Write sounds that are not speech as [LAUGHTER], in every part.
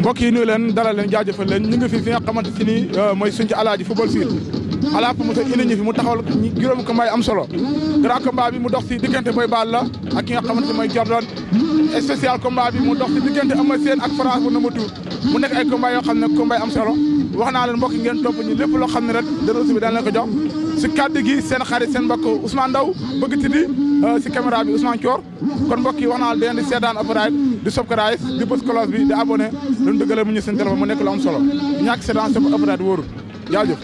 mbokk yi nuyu leen dalal leen jaajëfal leen ñu ngi fi fi nga xamante si ni euh, mooy suñu alaaji football field alaap Moussa indi ñu fi mu taxawal juróomi combat yi am solo grand bi mu dox si diggante Boy la ak ki nga xamante ne mooy Jordan spécial combat bi mu dox si diggante Eumeu Sène ak France bu Numba Tour mu nekk ay combat yoo xam ne combat yi am solo wax naa leen mbokk ngeen topp ñu lépp loo xam ne rek dërës bi daan leen jox si kàddu gi seen xarit seen mbokk Ousmane Ndaw bëgg tiddi euh, si caméra bi Ousmane kon mbokk yi wax naa leen di seetaan appareil di subscribe di bës cloche bi di abonné lu ñu dëggale mu ñu seen téléphone mu nekk lu am solo ñàkk seetaan seen appareil wóorul jaajëf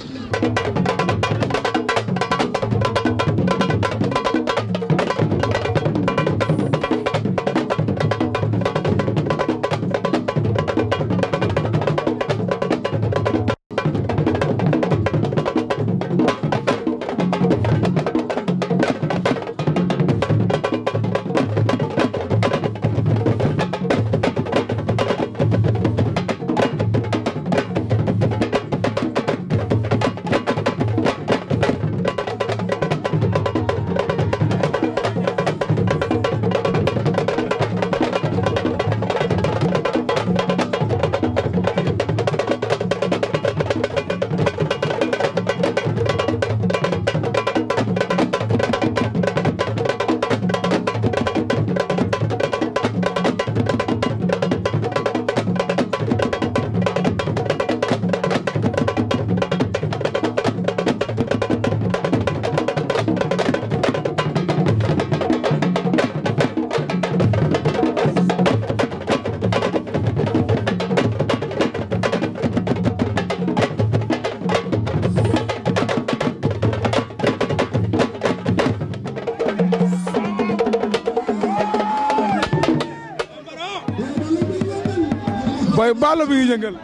waaye Balla bi ngi yëngal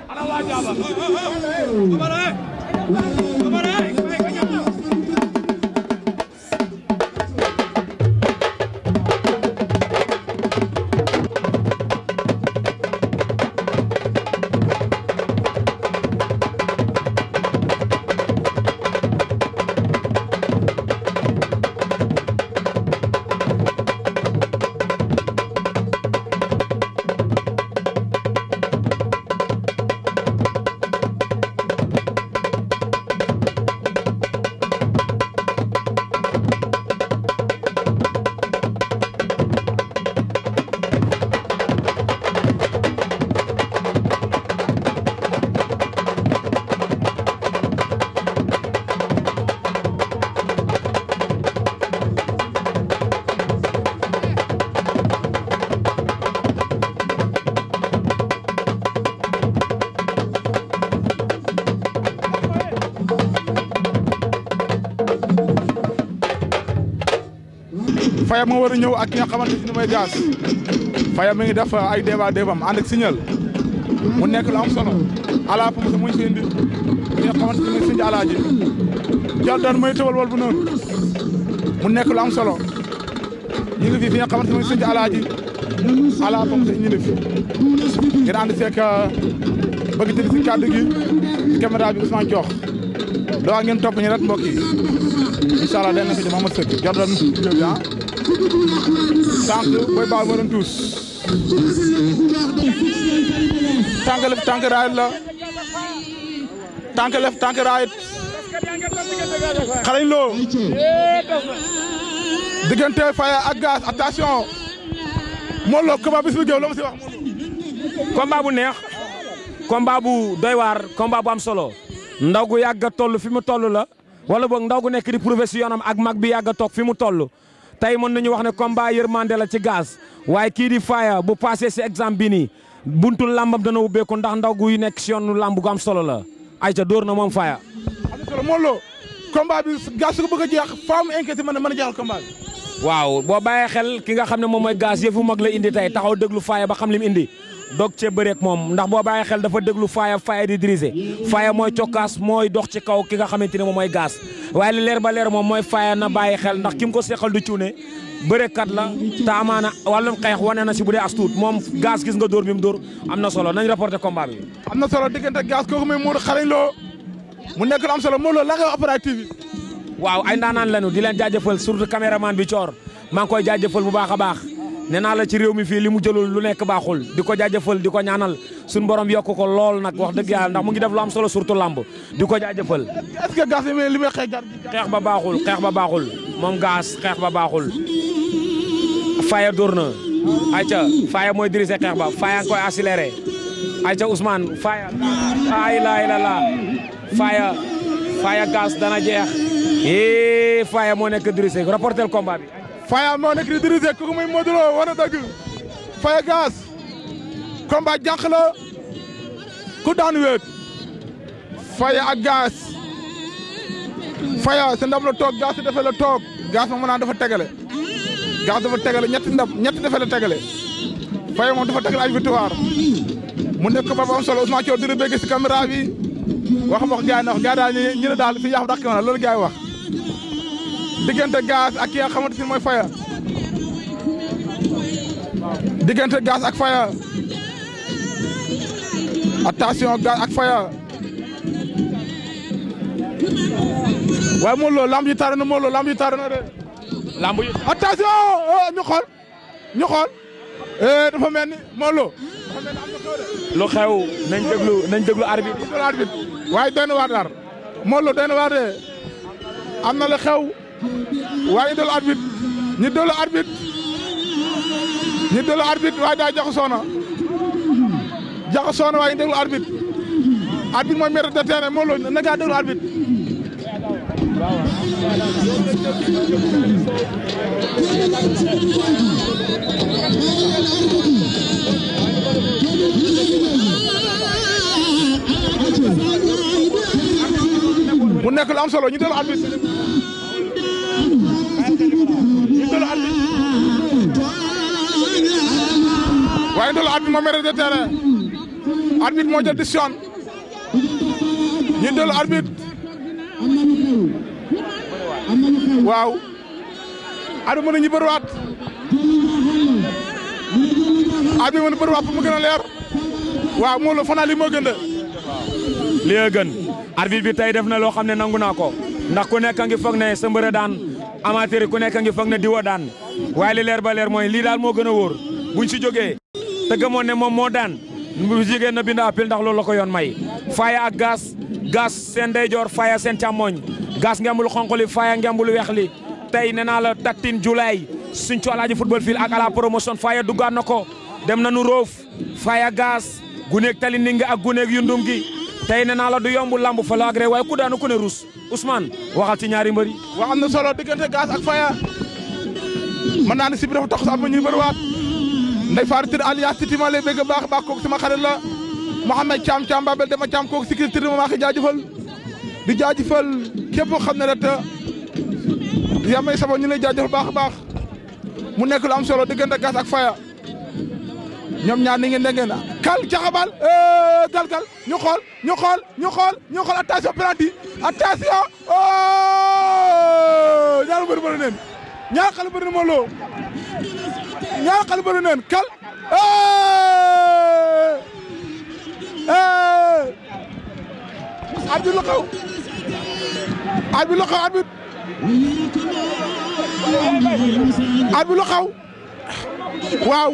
Faya moo war a ñëw ak ki nga xamante ni mooy Diass mi ngi def uh, ay débat débam ànd ak mu nekk lu am solo ala pom sa muy seen di ki nga xamante ni mooy sëñ alaaji jal daan mu nekk lu am solo ñu ngi fi fi nga xamante ni mooy sëñ alaaji ala pom sa ñu ngi fi ngeen ànd seeg uh, bëgg si kàddu gi ci caméra bi Ousmane Diokh doo ngeen topp ñu rek mbokk yi incha allah dinañ la fi jëm ah. amat tànk Boy Baol moo doon tuus tànk la tànk lef tànk raayit xaleñ loo diggante Faye ak Gass attention Modou Lo si wax combat bu neex combat bu doy waar combat bu am solo ndaw gu yàgg a toll fi mu toll la wala boog ndaw gu nekk di prouver si yoonam ak mag bi yàgg a toog fi mu toll tey mën nañu wax ne combat yërmande la ci gaz waaye kii di faaya bu passé si exemple bi nii buntu làmbam dana ubbeeku ndax ndaw guy nekk si yoonu làmb gu am solo la ayca dóor na moom faaya. am solo Modou Lo combat bi gaz su ko bëgg a jeex faamu enquête mën a mën a jeexal combat bi. waaw boo bàyyee xel ki nga xam ne moom mooy gaz yëfu mag la indi tey taxaw déglu faaya ba xam li indi. dog cee bëreek moom ndax boo bàyyi xel dafa déglu faaya faaya di dirisé faaya mooy cokkaas mooy dox ci kaw ki nga xamante ne moom mooy gaas waaye li leer ba leer moom mooy faaya na bàyyi xel ndax ki mu ko seqal du cuune bërekat la te amaana wàllum xeex wane na si bu dee moom gaas gis nga dóor bi mu dóor am na solo nañ rapporté combat bi. am na solo diggante gaas kooku muy Modou xarañ loo mu nekk lu am solo Modou Lo la nga wax waaw ay ndaanaan lañu di leen jaajëfal surtout caméraman bi Coor maa ngi koy jaajëfal bu baax a baax. nee naa la ci réew mi fii li mu jëlul lu nekk baaxul di ko jaajëfal di ko ñaanal suñu borom yokk ko lool nag wax dëgg yàlla ndax mu ngi def lu am solo surtout làmb di ko jaajëfal. est-ce que gas li may xeex xeex ba baaxul xeex ba baaxul moom gas xeex ba baaxul. Faye dóor na ayca mooy dirigé xeex ba faya a ngi koy accéléré ayca Ousmane ay la la la Faye Faye gas dana jeex. hee Faye moo nekk dirigé reportel combat bi. Fayal moo nekk di diriger kooku muy Modou Lo war a dëgg Faye Gass combat la ku daan wéet Faye ak Gass Faye sa ndam la toog Gass dafa la toog Gass moom mu naan dafa tegale Gass dafa tegale ñetti ndam ñetti dafa la tegale moo moom dafa tegale ay victoire mu nekk ko ba am solo Ousmane Thiaw diri bëgg si caméra bi wax wax gaay na wax gaay daal ñu ne daal fi yàqu dàq na loolu gaay wax diggante gaz ak ki nga xamante ni mooy faya diggante gaz ak faya attention gaz ak faya waaye Modou Lo lamb yi tar na Modou Lo lamb yi tar na de. lamb yi attention oh, ñu xool ñu eh, mel ni Modou Lo. lu xew nañ déglu nañ déglu waaye doy na waar daal Modou doy na waar de am na lu xew. waaye delu arbitre ñi delu arbitre ñi delu daa jaxasoo na jaxasoo ñu déglu arbitre arbitre mooy maître de terrain moo loolu na ngaa déglu arbitre mu nekk lu ñu déglu arbitre waaye ndox la arbitre moo mérite de terrain arbitre moo jël décision ñu dellu arbitre waaw arbitre mën na ñu bëriwaat arbitre mën na bëriwaat pour mu waaw moom la fanaan lii li gën arbitre bi tey def na loo xam ne nangu naa ko ndax ku nekk ngi foog ne sa mbër daan amateur ku nekk ngi foog ne diwa daan waaye li leer ba leer mooy lii daal moo gën a wóor buñ si te gëmoon mom mo moo bu jigen na bind appel ndax loolu la ko yon may faya ak gas gas seen ndeyjoor faya sen càmmooñ gas ngembul xonkoli faya faaya ngembul weex li tey la tatine julay suñ ci alaaji football field ak ala promotion faya duggaat na dem nañu roof faya gas gunek tali ning ak guneeg yundum gi tay nee naa la du yomb lamb fa la agré way ku daanu ku ne rus Ousmane waxal ci ñaari mbeuri wax am na solo diggante gas ak faya man na ne si bi dafa tax sa am ñu waat nday faar tër alias titi maa lay bëgg a baax baax kooku sama ma la Mouhamed Thiam Thiam Babel dama Thiam kooku si culture ma maa ko di jaajëfal képp koo xam ne rek yamay sama ñu lay jaajëfal baax a baax mu nekk am solo diggante gas ak faya ñoom ñaar ni ngeen dégg na kal caxabal eh, kal kal ñu xool ñu xool ñu xool ñu xool attention penalty attention oh! ñaar bëri neen ñaar xale bëri na moo loo ñaari xale bëri neen kal arbitre la xaw arbitre la xaw arbitre arbitre la xaw waaw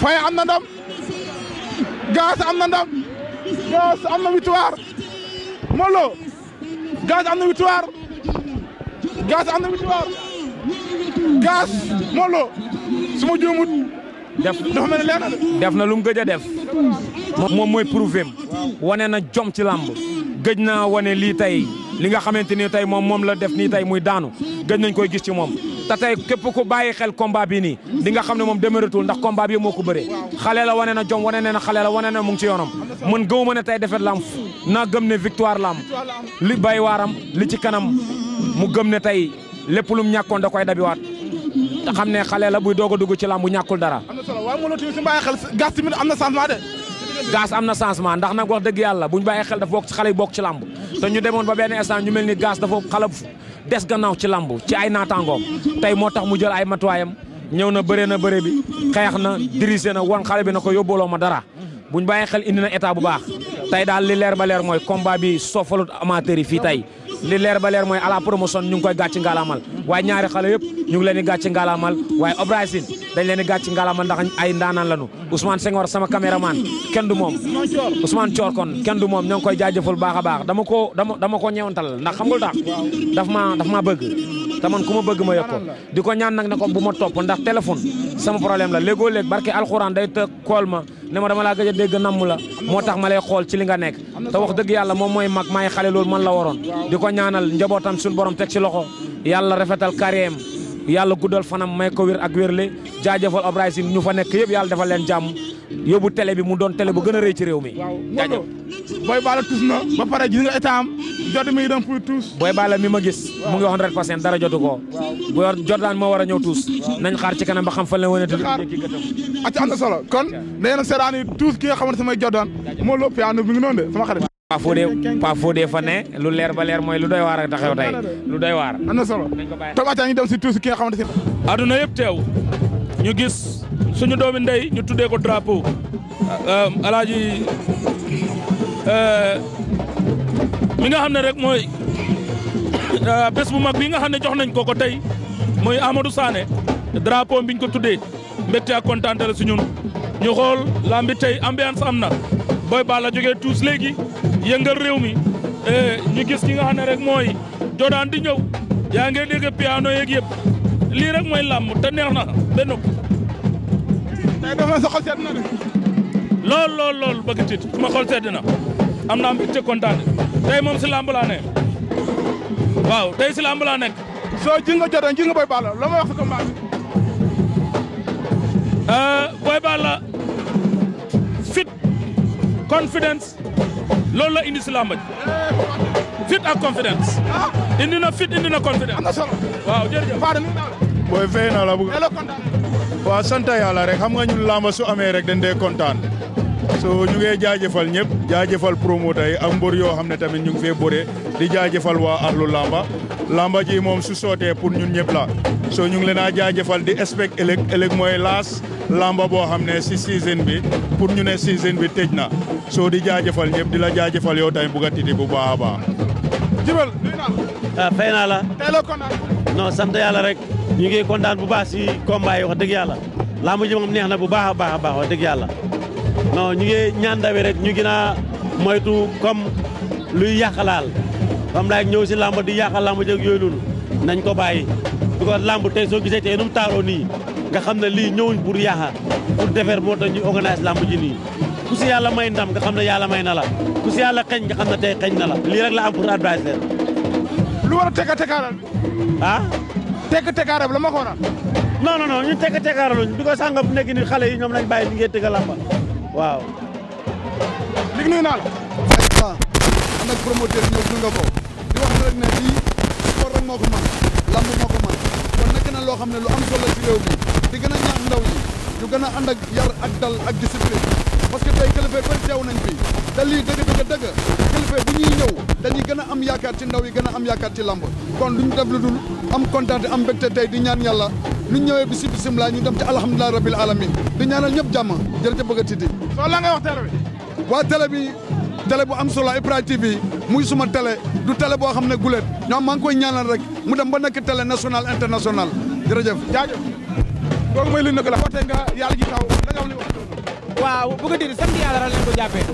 Faye am na ndam Gaz am na ndam Gaz am na victoire Molo Gaz am na victoire Gaz am na victoire Gaz Molo su ma juumut def na lum na gëj a def moom mooy prouvé wane na jom ci làmb gëj na wane lii tey li nga xamante ni tey moom moom la def nii tey muy daanu gëj nañ koy gis ci moom te tey képp ku bàyyi xel combat bi nii di nga xam ne moom demaratul ndax combat bi moo ko bëree xale la wane na jom wane na xale la wane na mu ngi ci yoonam man gëmuma ne tey defet lam naa gëm ne victoire lam li bay waaram li ci kanam mu gëm ne tey lépp lum ñàkkoon da koy dabiwaat te xam ne xale la buy doog a dugg ci làmb bu dara. waaye mu la tuuti suñu bàyyi xel gas tamit am na changement de. gas am na changement ndax nag wax dëgg yàlla buñ bàyyi xel dafa bokk ci xale bokk ci làmb te ñu demoon ba benn instant ñu mel ni gas dafa xala des gannaaw ci làmb ci ay naataangoom tey moo tax mu jël ay matuwaayam ñëw na bëree na bëre bi xeex na dirigé na wan xale bi na ko yóbbooloo ma dara buñ bàyyi xel indi na état bu baax tey daal li li leer ba leer mooy à la promotion ñu ngi koy gàcci ngalamal waaye ñaari xale yëpp ñu ngi leen di gàcci ngalamal waaye dañ leen di gàcci ngalamal ndax ay ndaanaan lañu Ousmane Senghor sama caméraman kenn du moom Ousmane Thior kon kenn moom ñoo ngi koy jaajëfal baax a baax dama ko dama dama ko ñeewantal ndax xam nga lu tax daf maa daf maa bëgg te man ku ma bëgg ma yëg di ko ñaan nag ne ko bu ma topp ndax téléphone sama problème la léegoo léeg barke alxuraan day tëg kool ma ne ma dama laa gëj a dégg namm la moo tax ma lay xool ci li nga nekk te wax dëgg yàlla moom mooy mag maay xale loolu man la waroon di ko ñaanal njabootam suñu borom teg si loxo yàlla rafetal carrière yàlla guddal fanam may ko wér ak wérle jaajëfal ñu fa nekk yëpp yàlla defal leen jàmm yóbbu télé bi mu doon télé bu gën a rëy ci réew mi. jaajëf Boy Balla na ba pare gis nga état am jot mi dem pour tuus. Boy Balla mi ma gis. mu ngi wax 100% dara jotu ko. bu moo war a ñëw tuus. nañ xaar ci kanam ba xam fan la wane. xaar am solo kon. dañu leen a seeraan tuus ki nga xamante ne mooy jot daan moo lópp yaa mi ngi noonu de sama xarit. Pafodé Pafodé fa ne lu leer ba leer mooy lu doy waar a taxaw tey lu doy waar. am na solo tobaata ñu dem si tuuti ki nga xamante ne. aduna yëpp teew ñu gis suñu doomi ndey ñu tuddee ko drapeau euh, alaaji euh, mi nga xam rek moy, euh, bés bu mag bi nga xam ne jox nañ ko ko tey mooy Amadou Sané drapeau biñ ko tuddee mbégte ak kontaante la si ñu xool làmbi tey ambiance am na booy Ba la jógee yëngal réew mi eh, ñu gis ki nga xam ne mooy Jordan di ñëw yaa ngi dégg piano yeeg lii rek mooy làmb te neex na benn ko. tey dafa sa xol na lool lool lool bëgg tit ma xol sedd na am naa mbégte kontaan moom si làmb waaw tey si làmb soo ji nga Jordan Boy Balla loo may wax si eh, Boy Balla fit confidence. loolu la indi si fit ak confidence indi na fit indi na confidence. am na solo waaw jërëjëf. booy fay waaw sant yàlla rek xam nga ñun lamba su amee rek dañ dee kontaan. so ñu ngee jaajëfal ñëpp jaajëfal promoteur yi ak mbër yoo xam ne tamit ñu ngi fee bëree di jaajëfal waa Arlu lamba lamba moom su sootee pour ñun ñëpp la so ñu ngi leen a jaajëfal di expect ëllëg ëllëg mooy laas. lamba boo xam si season bi pour ñu ne season bi tëj na di jaajëfal ñëpp di la jaajëfal yow tamit Bouga Titi bu baax a jibal nuyu naa la. ah fay naa la. tey la kontaan. non sant yàlla rek ñu ngi kontaan bu baax si combat yi wax dëgg yàlla lamb ji moom neex na bu baax a baax a baax wax dëgg yàlla non ñu ngi ñaan dawe rek ñu gën moytu comme luy yàqalaal comme daal ñëw si lamb di yàqal lamb ji ak yooyu noonu nañ ko bàyyi. parce que lamb tey gisee nga xam ne lii ñëwuñ pour yaaxa pour defar moo tax ñuy organise làmb ji ku si yàlla may ndam nga xam ne yàlla may na la ku si yàlla xeñ nga xam ne tey xeñ na la lii rek la am pour adversaire lu war a teg a tegaaral ah tegg tegaaral la ma ko waral non non non ñu tegg a bi nekk ni xale yi ñoom lañ bàyyi ñu ngee tëgg a làmba waaw léegi nuyu naa la waaw ànd ak promoteur bi ñëw nga ko di wax rek ne lii sport rek moo ko man lamb moo ko man kon nekk na loo xam ne lu am solo ci réew mi di yang a ñaax ndaw ñi ñu gën a ak yar ak dal ak discipline parce que tey kilifa bëri teew nañ fi te lii dëgg dëgg dëgg kilifa bu ñuy ñëw dañuy am yaakaar ci ndaw yi am yaakaar ci làmb kon lu def lu dul am kontaan am mbégte tey di ñaan yàlla lu ñu ñëwee bisi bisimilah ñu dem ci rabbil alamin di ñaanal ñëpp jàmm jadi bëgg a tiddi soo la ngay wax télé bi télé bi télé bu am solo ibra TV muy suma télé du télé boo xam ne guléet ñoom ngi koy ñaanal rek mu dem ba nekk télé national international jërëjëf jaajëf kooku mooy Lune la nga xam ne waaw bu ko diri sant yàlla ral leen ko jàppee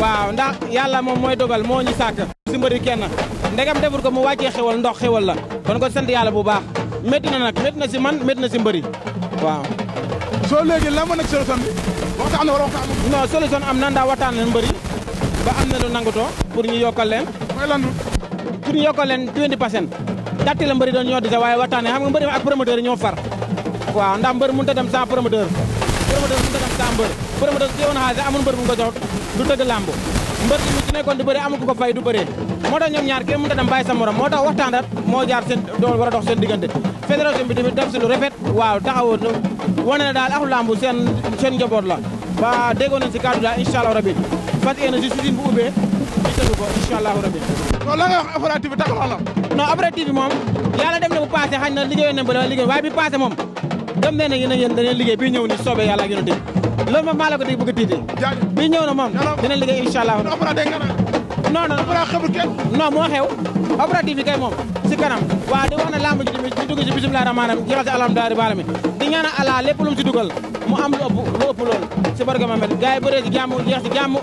waaw ndax yàlla moom mooy dogal moo ñu sàkk si mbëri kenn ndegam defur ko mu wàccee xewal ndox xewal la kon ko sant yàlla bu baax métti na nag métti na si man métti na si mbëri waaw soo léegi lan moo nekk solution bi waxtaan wala waxtaan non solution am na ndax waxtaan leen mbëri ba am na lu nangutoo pour ñu yokkal leen mooy lan pour ñu la mbëri doon ñoo dise waaye waxtaanee xam nga mbëri ak promoteur waaw ndax mbër mënut a dem sans promoteur promoteur mënut a dem sans mbër promoteur su yowoon xaalis amul mbër bu ko jox du tëgg làmb mbër bi su nekkoon du bëre amul ko ko fay du bëree moo tax ñoom ñaar kenn mënut a dem bàyyi sa moo tax waxtaan moo jaar seen dool war a seen diggante fédération bi tamit def si lu rafet waaw taxawoo wane daal axu làmb seen seen njaboot la ba déggoon nañ si kàddu daal incha allah rabi fas yéene si suuf bu ubbee ñu tëgg ko incha allah rabi. comme nee na yéen a yéen danañ liggéey bi ñëw ni soobee yàlla ak yonent bi loolu moom maa la ko dégg bëgg a tiitee bi ñëw na moom dinañ liggéey incha allah non non non moo xew opérative bi kay moom si kanam waaw di wax na lamb ji tamit ñu dugg si bisimilah rahmaanam jeexal si alhamdulilah di baalami di ñaan ala lépp lu mu si dugal mu am lu ëpp lu ëpp loolu si barke Mamet gars yi bëree si jàmm jeex si jàmm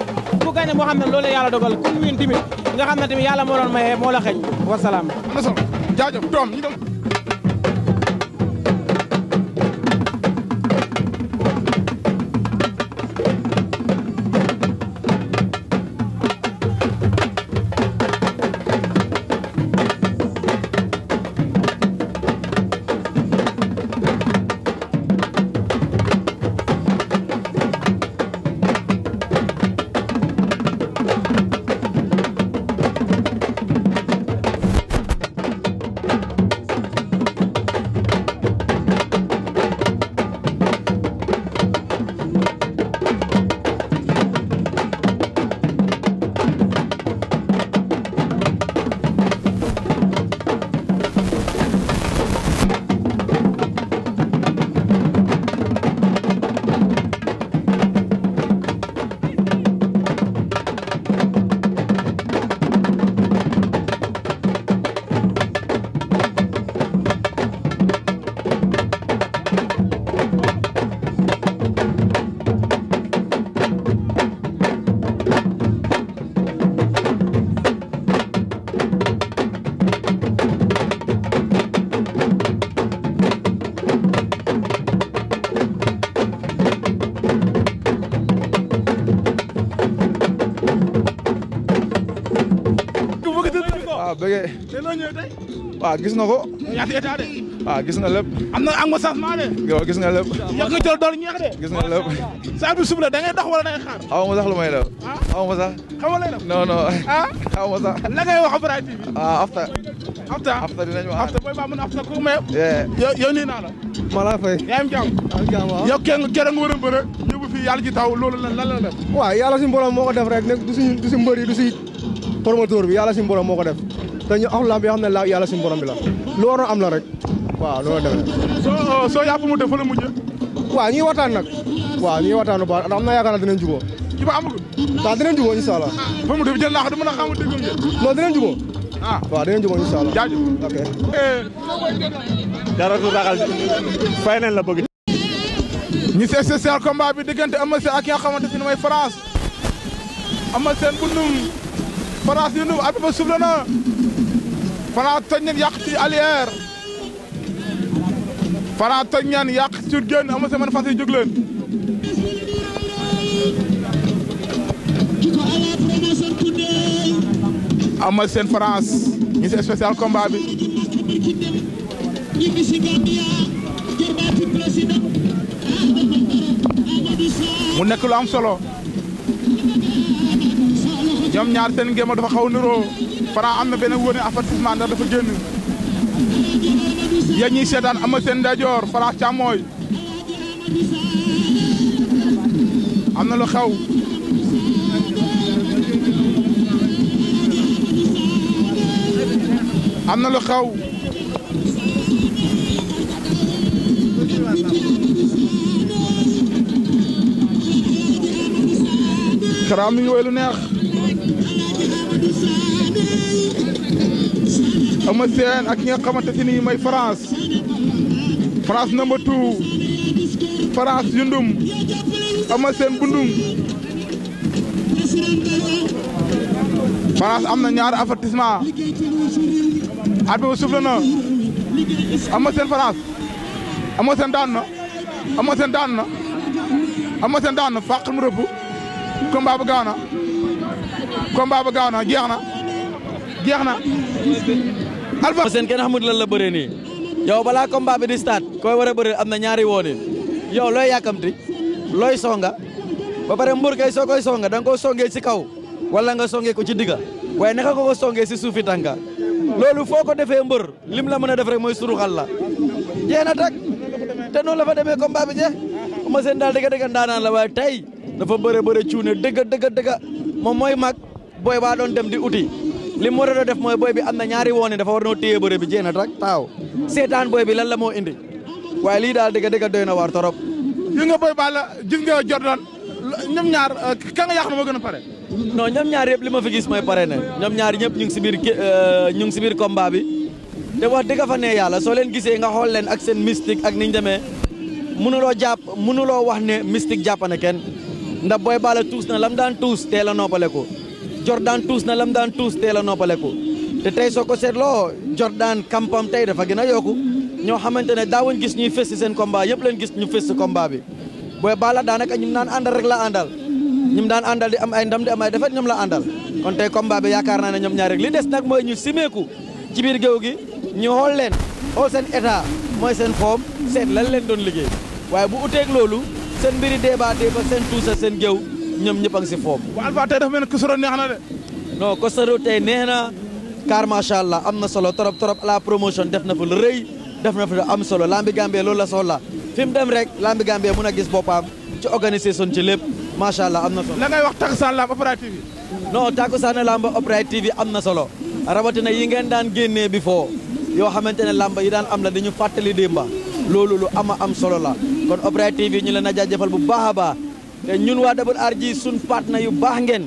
ku gagné moo xam ne loolu yàlla dogal ku win tamit nga xam ne tamit yàlla moo doon maye moo la xeeñ wasalaam jaajëf doom ñu dem waaw ah, gis ah, na ko. yaa si état gis na lepp amna na am nga changement de. yo gis nga lepp yàgg nga jël doon ñeex de. gis na lepp sa bu suba la da ngay dox wala da ngay xaar. xaw ma sax lu may def. Ah? xaw ma sax. xaw ma non non. ah xaw ma sax. la ngay wax Braya TV. ah afta. afta afta dinañ wax. afta boy ba mën afta ku may. yo yow nii naa la. mala fay. yaa ngi jàmm. yaa yo keng waaw. yow kenn kenn nga fi yàlla ji taw loolu la def. def rek du du du promoteur bi yàlla si mbooloo moo def te ñu aw laam yoo xam ne laa yàlla suñu borom bi la lu waroon am la rek soo soo yàpp mu def fa la uh, mujjee. waaw ñu wataan waxtaan nag waaw ñu wataan waxtaan bu baax ndax am na yaakaar naa dinañ jubóo. ci ba amagul. waaw dinañ jubóo incha allah. fa mu def jël laax du mën a xamul dégg nga. non dinañ jubóo. ah waaw dinañ jubóo incha allah. jaajëf ok. jaratu daxal fay nañ la bëgg. ñu seet spécial combat bi diggante Eumeu Sène ak ki nga xamante ne mooy France Eumeu Sène bu num Faras yëndu at ba suuf la na Faras toj nañ yàq ci arrière Faras toj nañ yàq ci génn am na seen man fas yi jóg leen. am na seen Faras si spécial combat bi. mu nekk lu am solo. ñoom ñaar seen ngéema dafa xaw niroo Franc am na benn wóor ne avertissement ndax dafa génn yéen ñiy seetaan Eumeu Sène ndeyjoor Franc càmmooy am na lu xew am na lu xew karaam mi lu neex Eumeu Sène ak ki nga xamante si nii mooy France France number two France yundum Eumeu Sène bundum am na ñaari avertissement arbitre bi souffle na Eumeu Sène na Eumeu Sène na Eumeu Sène daan mu rëbb combat bu combat ba gaaw na jeex na jeex na. Alpha lan la bëree nii yow balaa combat bi di start koy war a bëree ñaari woone yow looy yàkkamti looy songa ba pare mbur kay soo songa da nga koo ci kaw wala nga songee ko ci digga waaye naka ko ko songee ci suufi tànka loolu foo ko defee lim la mën def rek mooy suruxal la jeex tak te noonu la fa demee combat bi jeex Eumeu Sène daal dëgg-dëgg ndaanaan la waaye tey dafa bëre bëre cuune dëgg dëgg dëgg moom mooy mag booy baa doon dem di uti li mu war a def mooy booy bi am na ñaari woon dafa war noo téye bëre bi jéem a tag taaw seetaan booy bi lan la moo indi waaye lii daal dëgg dëgg doy na waar torop. gis nga booy baa la gis nga Jordan ñoom ñaar euh, ka nga yàq ma gën a pare. non ñoom ñaar yëpp li ma fi gis mooy pare ne ñoom ñaar ñëpp ñu ngi si biir euh, ñu ngi si biir combat bi te wax dëgg fa ne yàlla soo leen gisee nga xool leen ak seen mystique ak ni ñu demee mënuloo jàpp mënuloo wax ne mystique jàpp na kenn ndax booy bala tuus na lam daan tuus teel a noppale ko Jordan tuus na lam daan tuus teel a noppaleku te tey soo ko seetloo Jordan kampam tey dafa gën a yokku ñoo xamante ne daawuñ gis ñuy fës seen combat yëpp leen gis ñu fës combat bi booy baala daanaka ñu daan àndal rek la àndal ñu daan àndal di am ay ndam di am ay defet ñoom la àndal kon tey combat bi yaakaar naa ne ñoom ñaar rek li des nag mooy ñu simeeku ci biir géew gi ñu xool leen xool seen état mooy seen forme seet lan leen doon liggéey waaye bu uteeg loolu seen mbiri débat seen tuusa ñoom ñëpp a ngi si foofu. waaw Alpha tey dafa mel ni neex na de. non Kosoro tey neex na car macha am na solo trop trop la promotion def na fa lu rëy def na fa lu am solo Lambi Gambie loolu la soxla fi mu dem rek Lambi Gambie mun a gis boppam ci organisation ci lépp macha allah am na solo. la ngay wax Takusaan Lamb opérative yi. non Takusaan Lamb opérative yi am na solo rawatina yi ngeen daan génnee bi foo yoo xamante ne làmb yi daan am la dañu fàttali démba loolu lu ama am solo la kon opérative yi ñu leen a jaajëfal bu baax a te ñun waa Dabal Aar ji suñ partenaires yu baax ngeen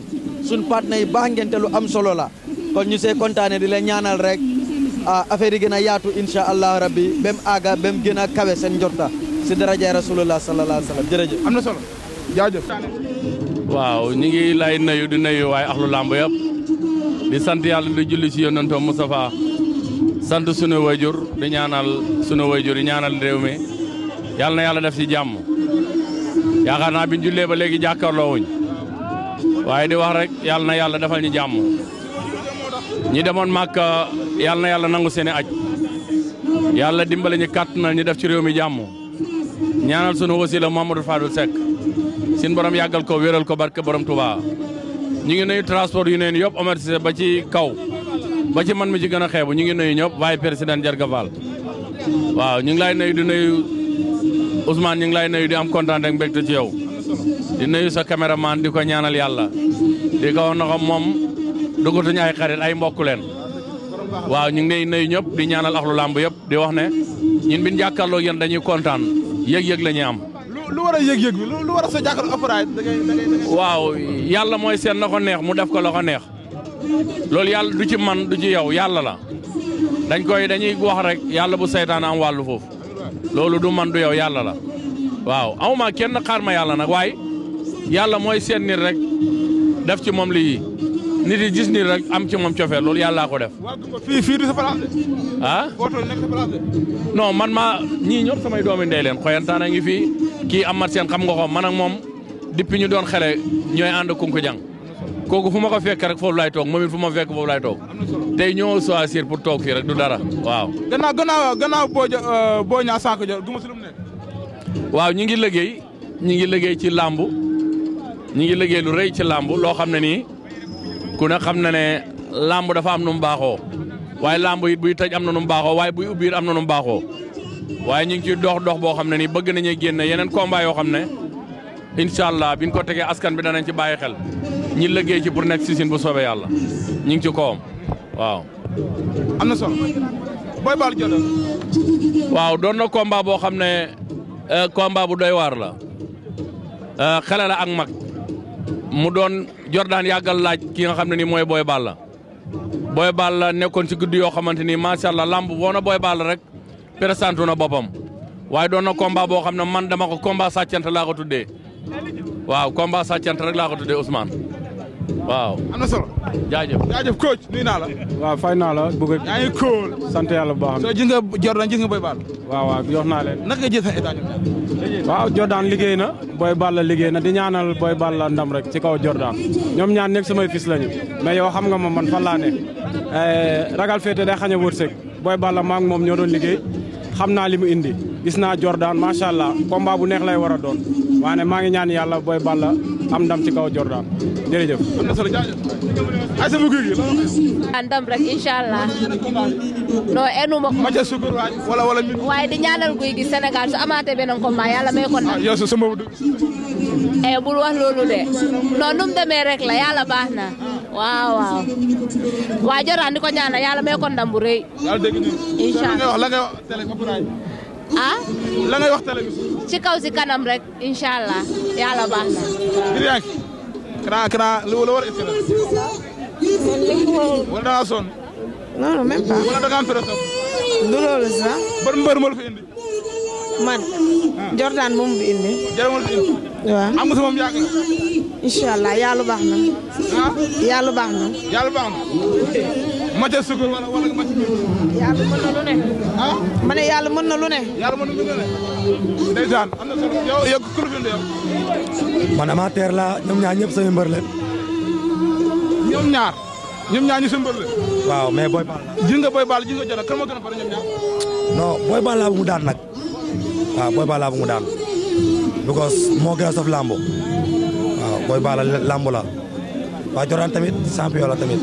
suñ partenaires yu baax ngeen te lu am solo la kon ñu see kontaane di leen ñaanal rek affaire yi gën a yaatu incha allah rabbi bem aaga bem gën a kawe seen njorta si daraja rasulullah sallallahu alayhi wa sallam jërëjëf. am na solo jaajëf. waaw ñu ngi lay nuyu di nayu waaye axlu làmb yëpp di sant yàlla di julli ci yonentam Moustapha sant sunu wayjur di ñaanal sunu wayjur di ñaanal réew mi yàlla na yàlla def ci jàmm. yaakaar naa bi ñu jullee ba léegi jàkkaarloo wuñ waaye di wax rek yàlla na yàlla defal ñu jàmm ñi demoon màkk yàlla na yàlla nangu seeni aj yàlla dimbale ñu kàttanal ñu def ci réew mi jàmm ñaanal sunu wasila Mouhamadou Fadul Seck sin borom yàggal ko wéral ko barke borom Touba ñu ngi nuyu transport yu neen yëpp Omar Cissé ba ci kaw ba man mi ci gën a xeebu ñu ngi nuyu waaye président Jarga Fall waaw ñu ngi lay nuyu di nuyu Ousmane ñu ngi lay nuyu di am kontaan ak mbégte ci yow di nuyu sa caméraman di ko ñaanal yàlla di ko na ko moom dugatuñu ay xarit ay mbokk leen waaw ñu ngi lay nuyu ñëpp di ñaanal lu làmb yëpp di wax ne ñun bi ñu jàkkaarloo yéen dañuy kontaan yëg-yëg lañuy am. lu war a yëg-yëg a sa waaw yàlla mooy seen na ko neex mu def ko la ko neex loolu yàlla du ci man du ci yow yàlla la dañ koy dañuy wax rek yàlla bu seytaan am wàllu foofu. loolu du man du yow yàlla la waaw amuma kenn xaar ma yàlla nag waaye yàlla mooy seen nit rek def ci moom lii nit yi gis nit rek am ci moom cofee loolu yàllaa ko def. fii fii du sa place ah? man maa ñii ñëpp samay doomi dey leen xoyantaan a ngi fii kii amat seen xam nga ko man ak moom depuis ñu doon xale ñooy ànd kunku jàng kooku fu ma ko fekk rek foofu laay toog moom it fu ma fekk foofu laay toog tey ñoo choisir pour toog fii rek du dara waaw. gannaaw gannaaw gannaaw boo euh, boo ñaa saako jor guma si lu waaw ñi ngi liggéey ñi ngi liggéey ci làmb ñi ngi liggéey lu rëy ci làmb loo xam ne nii ku ne xam na ne làmb dafa am nu mu baaxoo waaye làmb yi buy tëj am na nu mu baaxoo waaye buy ubbiir am na nu mu baaxoo waaye ñu ngi ciy dox dox boo xam ne nii bëgg nañu génne yeneen combat yoo xam ne incha allah biñ ko tegee askan bi danañ ci bàyyi xel. ñi liggéey ci pour nekk sisin bu soobee yàlla ñu ngi ci kawam waaw. am na solo Boy waaw doon na combat boo xam ne euh, combat bu doy waar la euh, xale la ak mag mu doon Jordan yàggal laaj kii nga xam ne nii mooy Boy Baol la. Boy Baol la nekkoon ci guddi yoo xamante ni macha allah lamb woo na Boy Baol rek présenté na boppam waaye doon na combat boo xam ne man dama ko combat sàccante laa ko tuddee waaw combat sàccante rek laa ko tuddee Ousmane. waaw am na solo. jaajëf jaajëf coach nuyu naa la. waaw fay naa la bëgg a. yaa ngi cool sant bu baax. soo gis nga Jordan gis nga Boy Ball. waaw waaw jox naa leen. naka nga jël sa état Jordan liggéey na Boy Ball liggéey na di ñaanal Boy Ball ndam rek ci kaw Jordan ñoom ñaan ñëpp samay fils lañu mais yow xam nga ma man fan laa ne eh, ragal féete day xañ a wërsëg Boy Ball maa moom ñoo doon liggéey xam naa li mu indi. Gisna Jordan machallah combat bu neex lay wara doon waaye ma ngi ñaan yalla Boy Balla am ndam ci kaw Jordan jere am ay sama guy gi. rek inshallah no enu mako ma ca sukur wala wala wala. waye di ñaanal guuy gi senegal su amaatee beneen combat yalla may ko ndam. Ah, yow sama eh bul wax lolu de no num deme rek la yalla baxna waaw waaw wa Jordan ko ñaanal may ko ndam bu reey yalla ni inshallah allah la nga wax ah. la ngay wax télé bi. ci kaw si kanam rek incha allah yàlla baax na. Biryaki. Kara Kara li mu warul. wala da ngaa sonn. non non man. Ah. Jordan moom bi indi. Jordan moom fi indi. waaw am nga sama baax na. ah yàlla baax na. yàlla baax na. Mathia Sukur Sukur. yàlla mën na lu ah? ma ne yàlla mën na na lu ne. ndeysaan na solo yow yow ku laa ñaar ñëpp sama mbër leen. ñoom ñaar ñoom ñaar ñu waaw mais Boy Baal Boy Baal ji nga jot a kan moo gën a pare ñoom ñaar. non Boy Baal laa bu daan nag. waaw Boy Baal laa bu daan. because moo gën a waaw Boy Baal la la. waaye Jordan tamit champion la tamit.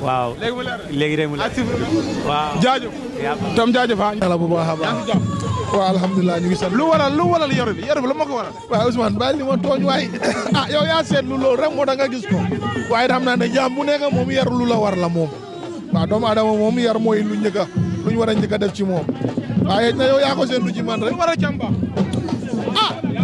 waaw léegi day mu leer waaw jaajëf tam jaajëf ah yàlla bu baax a baax waaw alhamdulilah ñu ngi sant lu waral lu waral yor bi yor bi la moo ko waral waaw Ousmane bàyyi li ma tooñ waay [LAUGHS] ah, yow yaa seetlu loolu rek moo da nga gis ko waaye xam naa ne jaam bu nekk moom yar lu la war la moom waaw doomu adama moom yar mooy lu njëkk a lu ñu war a def ci moom waaye na yow yaa ko seetlu ci man rek war a càmba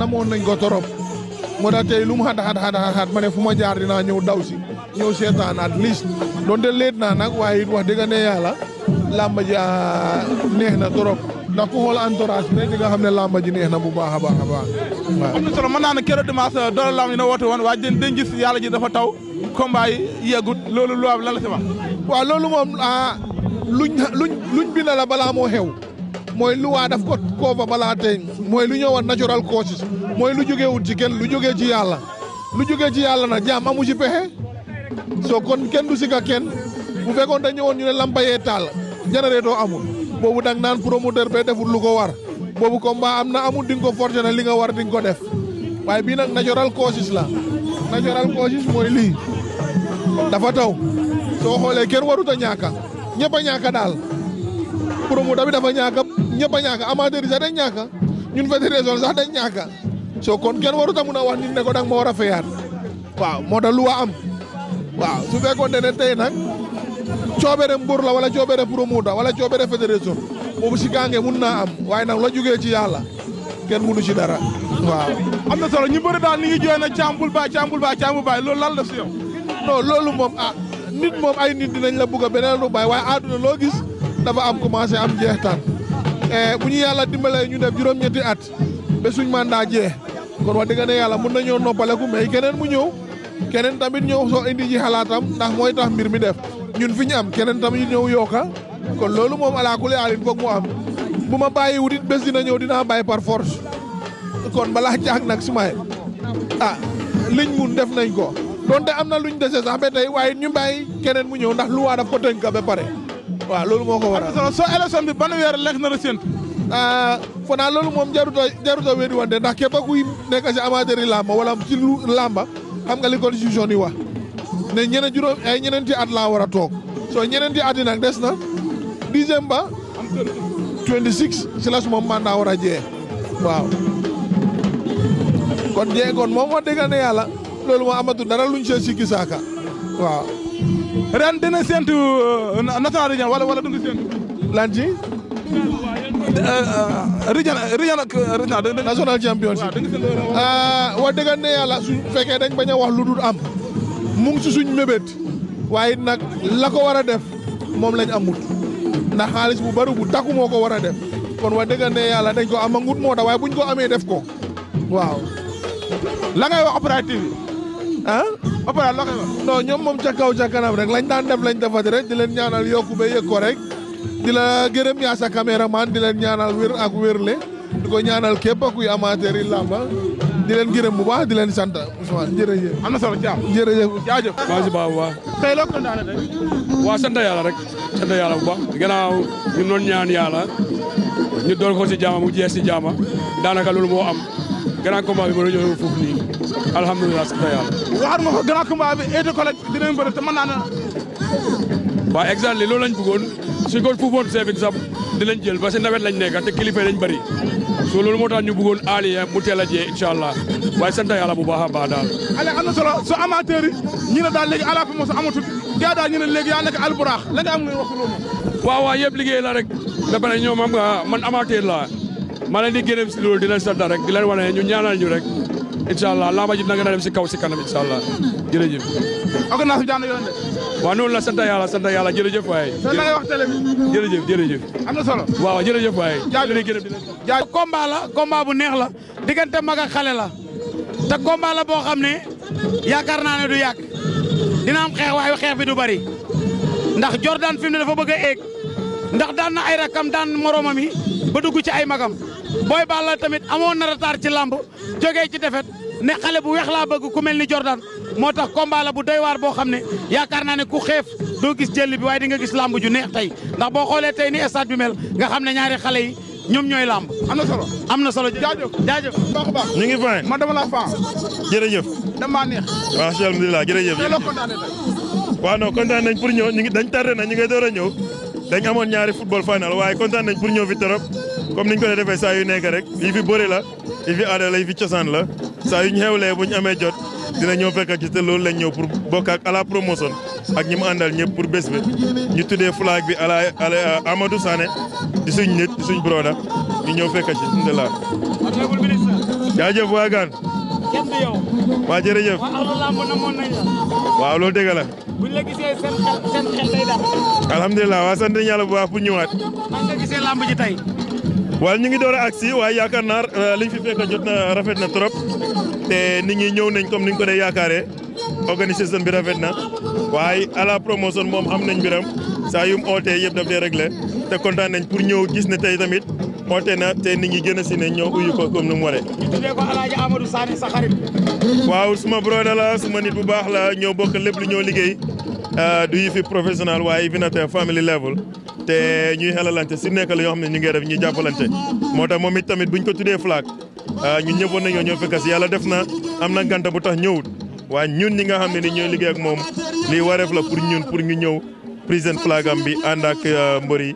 namoon nañ ko torop moo tax tey lu mu xat ma ne fu ma jaar dinaa ñëw daw si ñëw seetaan at least donte leet naa nag waaye it wax dëgg ne yàlla làmba ji ah, neex na torop ndax ku xool entourage bi rek di xam ne làmba ji neex na bu baax a baax a baax waaw. am na solo mën naa ne keroog dimanche euh, doole làmb yi na woote woon waaye den den gis yàlla ji dafa taw combat yi yeggut loolu lu am lan la si wax. waaw loolu moom ah, luñ luñ luñ la balaa moo xew. mooy luwaa daf ko koo balaa tey mooy lu ñëwoon natural causes moy lu wu ci lu joge ci yalla lu joge ci yalla na jam amu ci pexé so kon ken du sika ken bu fekkoon te ñëwoon ñu ne lampa tal taal générateur amul bobu dang naan promoteur be deful lu ko war bobu combat amna amul ko forcé na li nga war ding ko def way bi nak natural causes la natural causes moy li dafa taw so xolé kenn warut a ñàkk ñëpp a promoteur bi dafa ñaaka ñepp a ñaaka amateur sa day dañ ñaaka ñun fédération sax dañ ñaaka soo kon kenn waru ta mun wax nit ne ko dang mo wara a feyaat waaw mo da lu wa am waaw su fekkoon ne tay nak ciobere mbur la wala coobere promoteur wala coobere fédération bu ci gangé mën na am waye nak la jógee ci yalla kenn mënu ci dara waaw. amna solo ñu bëre daal ni ngi jooy na càmbul ba càmbul ba càmbul ba lool lan def ci yow. non lool mom ah nit mom ay nit dinañ la bëgg benen lu bay waye aduna lo gis dafa am commencé am jeextaan eh, bu ñu yalla dimbalé ñu def juroom ñetti at be suñu mandat jeex kon wax dëgg ne yàlla mun nañoo noppaleku mais keneen mu ñew keneen tamit ñew so indi ji halatam ndax moy tax mbir mi def ñun fi ñu am tam ñu ñew yoka kon mom ala alaakuli alin foog mu am bu ma bàyyi wut it bés dina ñew dina bay par force kon bala jax nak su ah liñ mu def nañ ko donte amna luñ déssé sax ba tey waaye ñu bàyyi keneen mu ñew ndax luwaa daf ko tënk ba pare waaw loolu moo ko waral am na solo soo élection bi ban weer lekk na la séntu. Euh, fanaa loolu moom jarut a jarut a wéddi wante ndax képp kuy nekk si amateur yi làmba wala ci lu làmba xam nga li constitution yi wax ne ñeneen juróom ay ñeneenti at laa war a toog soo ñeneenti at yi nag des na dixième 26 si la suma mandat war a waaw kon jeexoon moom wax dëgg ne yàlla loolu moo amatul dara luñ see sikki saaka waaw ren dina séntu euh, national région wala wala dund séntu. lan ci. Euh, région région ak euh, national championship. waaw dëgg ne yàlla su fekkee dañ bañ a wax lu am mu ngi si suñ mébét waaye nag la ko war a def moom lañ amut ndax xaalis bu bari bu takku moo ko war a def kon wax dëgg ne yàlla dañ ko am a ngut moo buñ ko amee def ko waaw. la ngay wax opérative ah. opéra a la. non ñoom moom ca kaw ca kanam rek lañ daan def lañ defati rek di leen ñaanal yokku ba yëg ko rek di la gërëm yaa sa caméraman di leen ñaanal wér ak wérle di ko ñaanal képp kuy amateur yi làmba di leen gërëm bu baax di leen sant Ousmane jërëjëf. am na solo Thiam jërëjëf. jaajëf maa ngi waa baax bu baax. tey loo ko sant yàlla rek sant yàlla bu baax. gannaaw ñu doon ñaan yàlla ñu doon ko si jaama mu jeex si jaama daanaka loolu moo am. grand combat bi mën na ñëw foofu nii alhamdulilah sant yàlla. waxaat nga ko grand combat bi été collègue dinañ bëri te mën naa ne. waaw exactement loolu lañ bëggoon suñ ko foofoon seefit sax dinañ jël parce que nawet lañ nekk te kilifa yi dañ bëri so loolu moo tax ñu bëggoon aali mu teel a jiyee incha allah waaye sant yàlla bu baax a baax daal. allez am na solo su amateur yi ñu ne daal léegi alaaka mos a amatul gars daal ñu ne léegi yaa nekk alburax la nga am ngay wax loolu. waaw waaw yëpp liggéey la rek ba pare ñoom am nga man amateur laa. maa di gërëm si loolu di leen sant rek di leen wane ñu ñaanal ñu rek allah laama ji na nga dem si kaw si kanam incha allah jërëjëf. ok naa fi jànd yoon de. waaw noonu la sant yàlla sant yàlla jërëjëf waaye. lan lay wax télé bi. jërëjëf jërëjëf. am na solo waaw jërëjëf waaye. jaajëf gërëm di leen jaajëf combat la combat bu neex la diggante mag ak xale la te combat la boo xam ne yaakaar naa du yàgg dina am xeex waaye xeex bi du bari ndax Jordan fi mu ne dafa bëgg a ndax daan na ay rakam daan moromam ba dugg ci ay magam Boy Balla tamit amon na retard ci lamb joge ci defet ne xale bu wex la bëgg ku melni Jordan motax combat la bu doy ya bo xamne ne na ne ku xef do gis jël bi way di nga gis lamb ju neex tay ndax bo xolé tay ni stade bi mel nga xamne ñaari xale yi ñom ñoy lamb. amna solo amna solo jaajëf jaajëf. bax bax ñi ngi fay. ma dama la faa. jërëjëf. dama neex. wa si alhamdulilah jërëjëf. tey loo kontaanee nañ pour ñëw ñi dañ tardé na ñi ngi doora a dañ amone ñaari football final waye contane nañ pour ñëw fi trop comme niñ ko dee defee saa yu nekk rek yi fi bëri la yi fi aada la yi fi cosaan la saa yu ñu xewlee bu ñu amee jot dina ñëw fekk ci te loolu lañ ñëw pour bokk ak la promotion ak ñi mu àndal ñëpp pour bés bi. ñu tuddee fulaak bi ala ala Amadou Sané di suñ nit di suñ broda ñu ñëw fekk ci alhamdulilah. jaajëf waa gaan. kenn du yow. waa jërëjëf. waaw loolu dëgg la. bu ñu la bu baax pour ñëwaat. tey. waaye ñi ngi door aksi agsi yaakar na euh, liñ fi fekk jot na rafet na trop té ni ngi ñew nañ comme niñ ko dee yaakaaree organisation bi rafet na waaye ala promotion mom am nañ biram sa yum oté yëpp daf dee régler té kontaan nañ pour ñew gis ne tay tamit oté na té ni ngi gëna ci né ñoo uyu ko comme nu mu waree. ñu tuddee ko El Amadou Sané sa waaw suma broda la suma nit bu baax la ñoo bokk lepp lu ñoo liggéey euh, du yifi professionnel waaye fi family level. te ñuy xelalante si nekk la ñoo xam ne ñu ngi def ñuy jàppalante moo tax moom it bu buñ ko tuddee flag ah, ñun ñëwoon nañoo ñëw fekk si yàlla def na am na gànta bu tax ñëwut waaye ñun ñi nga xam ne ni ñooy liggéey ak moom lii wareef la pour ñun pour ñu ñëw président flag am bi ànd ak ah, mbër yi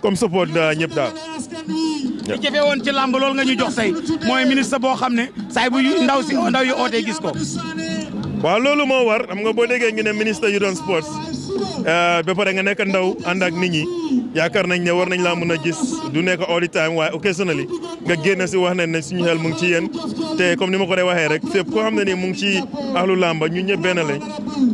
comme support ah, ñëpp daal. li jafe woon ci làmb loolu nga ñu jox say mooy ministre boo xam ne saay bu ndaw si ndaw yu ootee gis ko. waaw loolu moo war xam nga boo déggee ngi ne ministre yu doon sports. Euh, ba pare nga nekk ndaw ànd ak nit ñi yaakaar nañ ne war nañ laa mën a gis du nekk all the time waaye occasionally nga génn si wax nañ ne suñu xel mu ngi ci yéen te comme ni ma ko dee waxee rek fépp koo xam ne nii mu ngi ci ahlu làmba ñu ñëpp benn lañ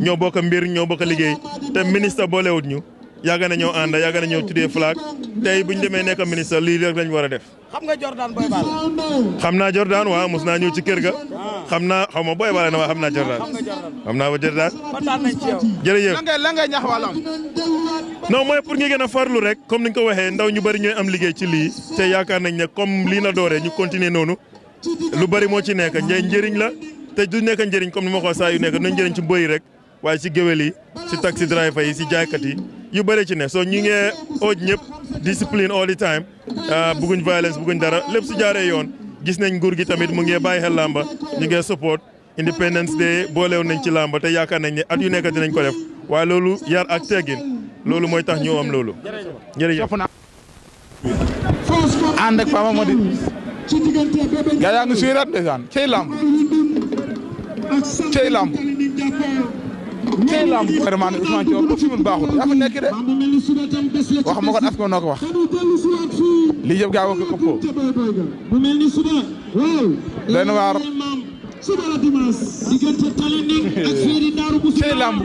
ñoo bokk mbir ñoo bokk liggéey te ministre boolewut ñu. yàgg nañoo ànd yàgg nañoo tuddee flag tey bu ñu demee nekk ministre lii rek lañ war a def. xam nga Jordan Boy Balla. xam naa Jordan waaw mos naa ñëw ci kër ga. xam na xaw ma Boy Balla na waaye xam naa Jordan. xam naa ba Jordan. kontaan nañ ci yow. jërëjëf lan ngay lan ngay ñax wàllam. non mooy pour nga gën a farlu rek comme ni nga ko waxee ndaw ñu bari ñooy am liggéey ci lii te yaakaar nañ ne comme lii na dooree ñu continuer noonu lu bari moo ci nekk njëriñ la te du nekk njëriñ comme ni ma ko saa yu nekk nañ njëriñ ci mbëy rek waaye si géwél yi si taxi driver yi si jaaykat yu bëri ci ne soo ñu ngee ooj ñëpp discipline all the time ah, bëgguñ violence bëgguñ dara lépp su yoon gis nañ nguur gi tamit mu ngee bàyyi xel làmba ñu ngee support independence day boolew nañ ci làmba te yaakaar nañ ne at yu nekk dinañ ko def waaye loolu yar ak teggin loolu mooy tax ñu am loolu jërëjëf ànd ak Papa Modi gaa yaa ngi suy rat ndeysaan cey cey làmb tey lamb vraiment ne Ousmane Diop pour fi mun baaxul yaa fa nekk de wax ma ko af ko noo ko wax lii yëpp gaa ko ko doy na waar tey lamb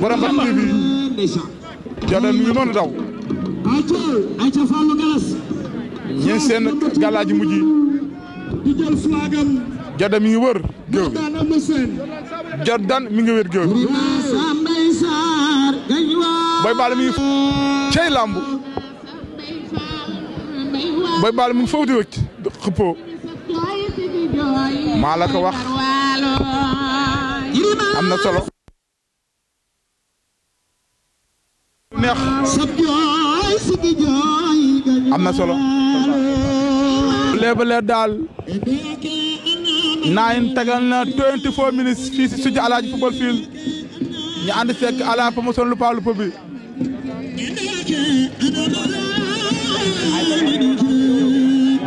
borom ba TV Jordan mi ngi noonu daw ñeen seen gàllaaji mujj di jël Jordan mi ngi wër géew bi Jordan mi ngi wër géew bi mi ngi cey làmb Boy Balla mu ngi foofu di maa la ko wax am na solo neex daal naayin tegal na 24 minutes fii si studio Aladji football field ñu ànd fekk ala promotion lu pa lu bi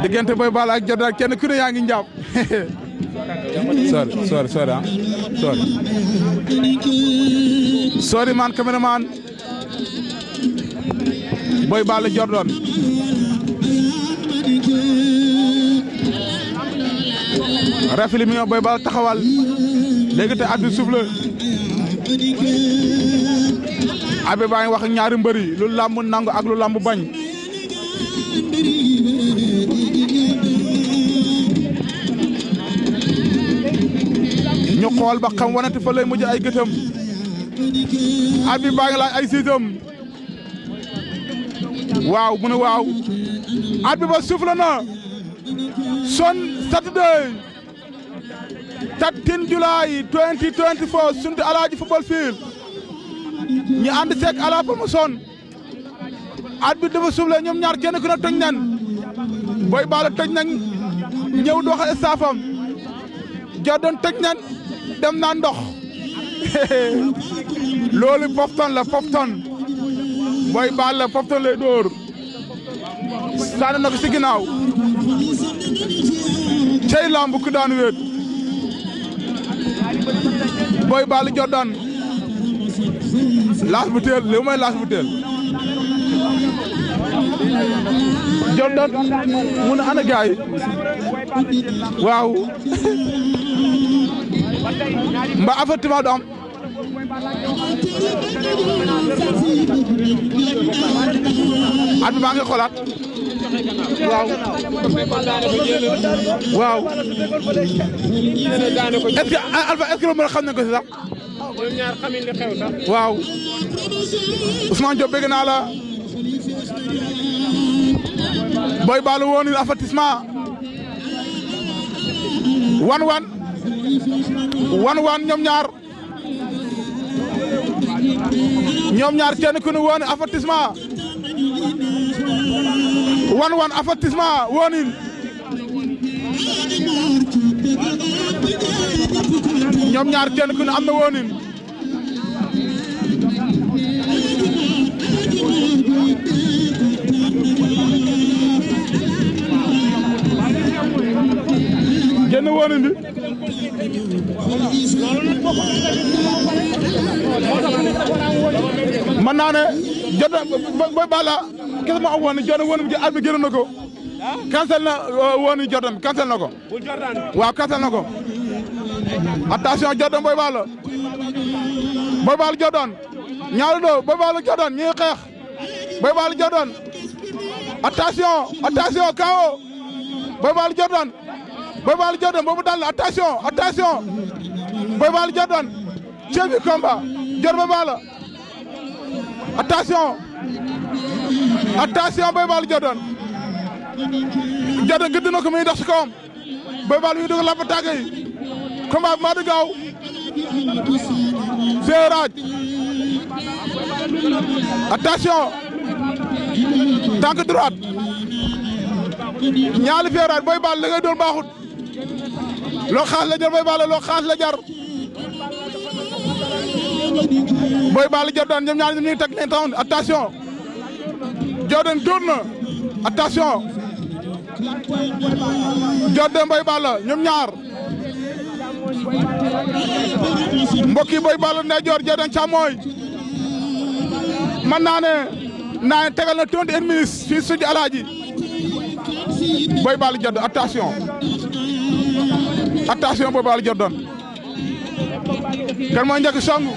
diggante Boy Balla ak Jordan kenn ku yaa ngi njàpp sori sori sori ah sori sori man cameraman Boy Balla Jordan Rafetli mi nga ba Baol taxawal léegi te arbitre suuf la abe baa ngi wax ak ñaari mbër yi lu làmb nangu ak lu làmb bañ. ñu xool ba xam wanati fa lay ay gëtam abi baa ngi laaj ay siitam waaw mu waaw at bi ba suuf na son Saturday 13 July 2024 Sunu Alaaji football field ñu ànd seeg ala promotion at bi dafa suble ñoom ñaar kenn ku ne toj nañ Boy Balla toj nañ ñëw di wax ak staffam Jordan toj nañ dem naa ndox [LAUGHS] loolu pofton la pofton Boy Balla pofton lay dóor sànni na ko si ginnaaw cey lamb ku daan booy Baalu Jordan laas bu teel li Jordan mun a ana gaay waaw [LAUGHS] mba avertissement du am at bi maa waaw waaw est-ce que Alpha est a xam nañ ko si sax ñoom ñaar xamin li xew sax waaw Ousmane Diop bëgg naa la boy baalu woon wan wan wan wan ñoom ñaar ñoom ñaar kenn ku ne woon avertissement wan wan avertissement woonin ñoom ñaar kenn ku ne am na woonin génn woonin mën naa ne jot na booy Balla kese ma am woon jot ko cancel na euh, woon bi jot na ko waaw cancel na ko attention jot na booy Balla booy Balla jot doon ñaari doo booy Balla jot doon ñuy xeex booy Balla jot doon Boy Baol Jordan boobu daan na attention attention Boy Baol Jordan chef du combat Jordan Boy Baol attention attention Boy Baol Jordan Jordan gëdd na ko muy dox si kawam maa du gaaw seeraaj attention tànk droite ñaari feeraaj Boy Baol la ngay doon baaxut loo xaas la jar Boy Balla loo xaas la jar Boy Balla Jordan ñoom ñaar ñu ngi teg ne tawoon attention Jordan dóor na attention Jordan Boy Balla ñoom ñaar mbokk yi Boy Balla ndeyjoor Jordan càmmooñ man naa ne tegal na tontu une minute fii suñu alaaji Boy Balla Jordan attention. attention boobu al Jordan kan mo ñak songu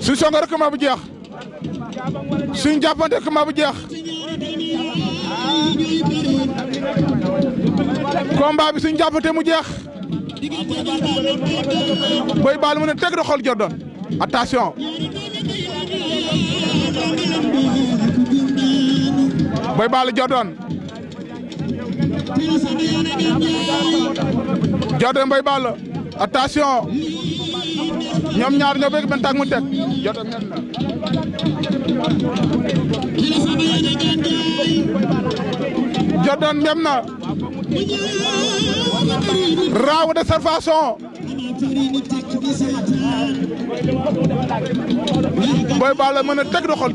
su songo rek ma bu jeex suñ jàppante ko ma bu jeex combat bi suñ jàppante mu jeex boy baal mu ne tegg do xol Jordan attention boy baal Jordan Joote Mbaye Balla attention ñoom ñaar ñoo bëgg benn tànk mu teg Joote ngeen na Joote ngeen de servation Mbaye Balla mën a teg do xool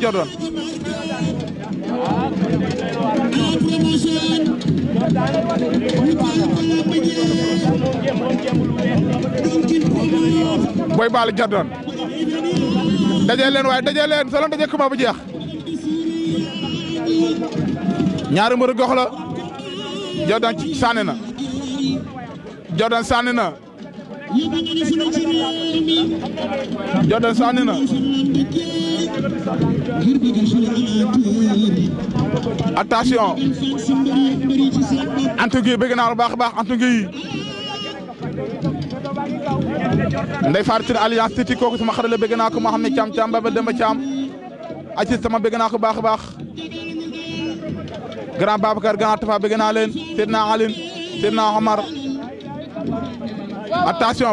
boy Baali Jordan dajee leen waaye dajee leen soo bu jeex ñaari mbër gox la Jordan sànni na Jordan sànni na Jordan na attention Anta Gueye bëgg lu baax a baax Anta Gueye Ndeye Fatou Tine alliance kooku sama xarale bëgg naa ko ne caam caam ba ba Demba Caam Aziz sama bëgg naa baax a baax grand Babacar grand Tafa bëgg naa leen Seydina Aline Seydina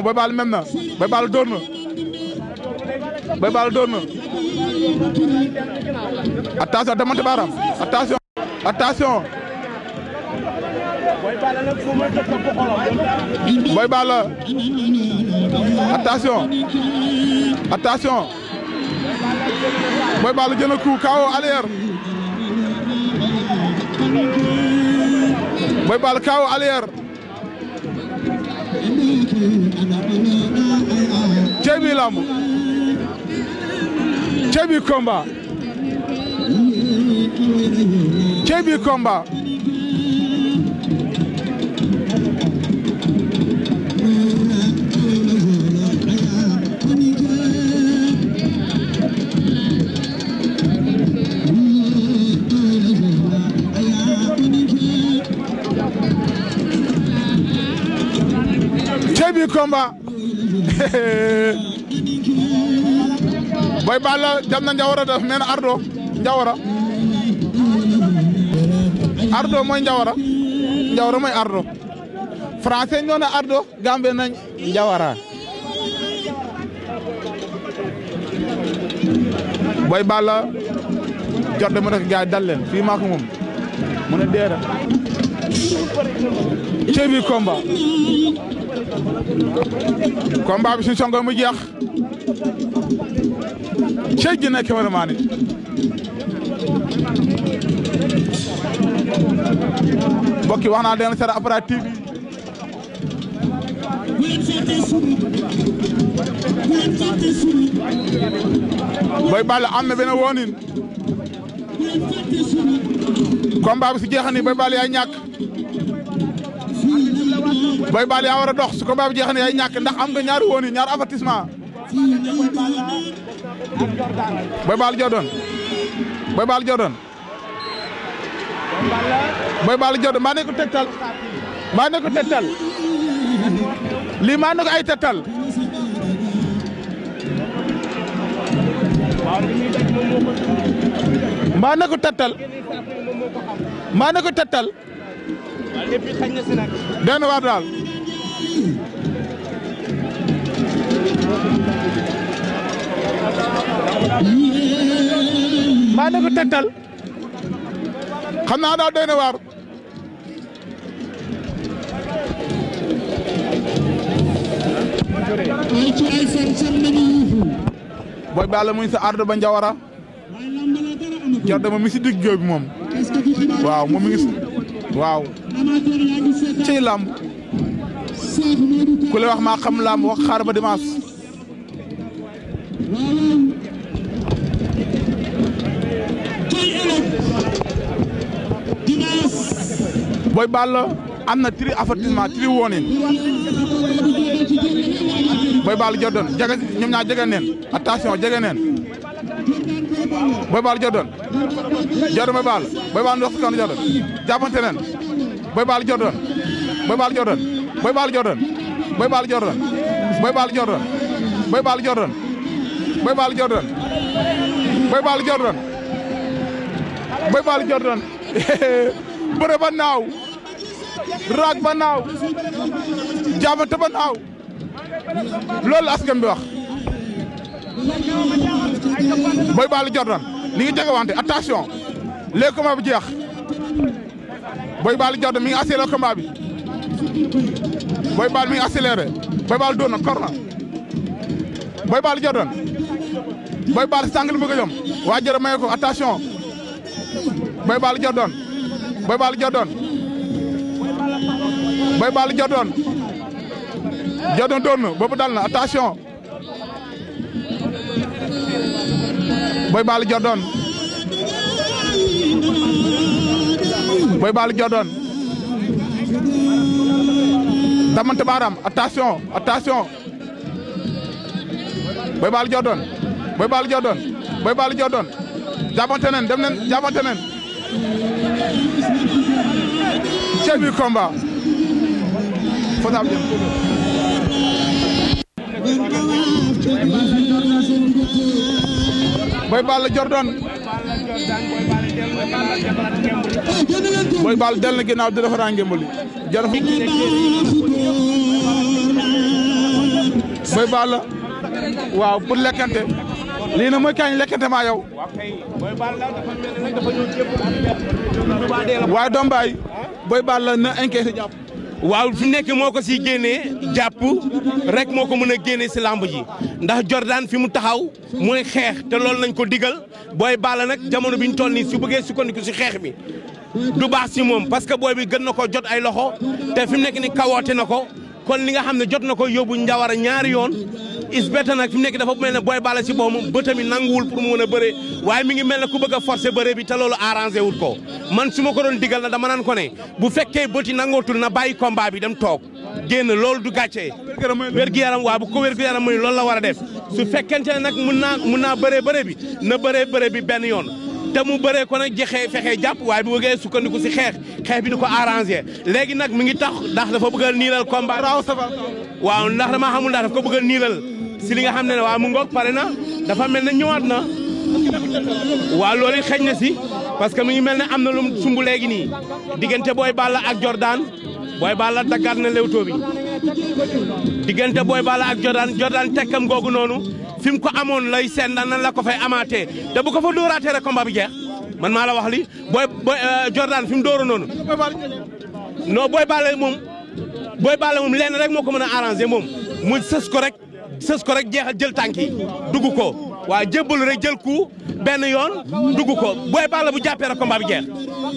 booy baal mem na booy baal dóor Boy Balla doon na attention damante baaraam attention attention Boy Balla attention attention Boy Balla jël na coup KO à l'arrière Boy Balla KO à l'arrière Chebi Komba Chebi Komba Chebi Komba [LAUGHS] Boy Balla jam na Njawara daf Ardo mooy Njawara mooy Ardo français ñoo Ardo Gambie na Njawara Boy Balla jot de mu def gaay dal leen fii moom mu ne deera cey bi combat combat songo mu jeex Seydina cameraman it mbokk yi wax naa leen seen opérative yi Boy Balla am na benn woonin combat bi su jeexee Boy Balla yaay ñàkk Boy Balla yaa war a dox su combat bi jeexee yaay ñàkk ndax am nga ñaari woonin ñaari avertissement Boy Baal Jordan Boy Baal Jordan Boy Baal Jordan maa ne ko tegtal maa ne ko lii maa ne ko ay tegtal maa ne ko ko tegtal den daal Mana ne ko ada xam naa daal doy boy balla muy sa ardo ba njawara jar misi dig jooy bi moom waaw moom ngi waaw ci lamb ku wax xam lamb wax xaar ba dimanche Boy Balla am na tri avertissement tri warning Boy Balla Jordan jege ñoom ñaar jege neen attention jege neen Boy Balla Jordan Jordan Boy Balla Boy Balla ndox si kaw Jordan jàppante neen Boy Balla Jordan Boy Balla Jordan Boy Balla Jordan Boy Balla Jordan Boy Balla Jordan Boy Balla Jordan Boy Balla Jordan Boy Balla Jordan Boy Balla Jordan bëre ba naaw raag ba naaw jaabante ba naaw loolu askan bi wax Boy Balla Jordan ni ngi jegewante attention léegi combat bi jeex Boy Balla Jordan mi ngi accéléré Boy Balla mi ngi Boy Balla doon na kor na Boy Balla Jordan Boy Balla sàng lu waa jërë maye ko Boy Balla Jordan Boy Balla Jordan Boy Balla jotoon jotoon doon na boobu dal na attention Boy Balla jotoon Boy Balla jotoon damante baaraam attention attention Boy Balla Boy Balla jotoon Boy Balla jotoon jàppante nañ dem nañ jàppante nañ ceeb bi Fataw jëm. Boy Balla Jordan. Boy Balla del na ginnaaw di defaraat ngémbal yi. Jordan. Boy Balla. waaw pour lekkante. lii nag mooy kañ maa yow. waaye doom baay. Boy Balla na encaissé jàpp. waaw fi nekk moo ko si génnee jàpp rek moo ko mën a génnee si làmb ji ndax Jordan fi mu taxaw mooy xeex te loolu nañ ko digal booy Balla nag jamono bi ñu toll nii su bëggee sukkandiku si xeex bi du baax si moom parce que booy bi gën na ko jot ay loxo te fi mu nekk ni kawoote na ko kon li nga xam ne jot na ko yóbbu njawar a ñaari yoon is bett nag fi mu nekk dafa mel ne booy bala ci boppam bëtam yi nanguwul mu mën waaye mi ngi mel ne ku bëgg a forcer bëree bi te loolu arrangé wut ko man su ma ko doon digal na dama naan ko ne bu fekkee bët yi nangootul na bàyyi combat bi dem toog génn loolu du gàccee wér-gu-yaram waa bu ko wér-gu-yaram mooy loolu la war a def su fekkente ne nag mun naa mun naa bëree bëree bi na bëree bëree bi benn yoon te mu bëree ko nag jeexee fexe jàpp waaye bu bëggee sukkandiku si xeex xeex bi di ko arrangé nag mi ngi tax ndax dafa bëgg a niilal combat waaw ndax dama xamul ndax dafa ko bëgg si li nga xam ne ne waa mu ngoog pare na dafa mel ne ñëwaat na waa loolu xeeñ na si parce que mu ngi mel ne am na lum sumb léegi nii diggante Boy Balla ak Jordan Boy Balla daggaat na lewtoo bi booy Boy Balla ak Jordan Jordan tekkam googu noonu fi mu ko amoon lay seen nan la ko fay amaatee te bu ko fa dóoraatee rek combat bi jeex man maa la waxli li Boy Boy euh, Jordan fi mu dóoroon noonu non Boy Balla moom Boy Balla lenn rek moo ko mën a arrangé moom mu sës ko rek. sës ko rek jeexal jël tànk yi dugg ko waa jébbalu rek jël ku benn yoon dugg ko booy balla bu jàppee rek combat bi jeex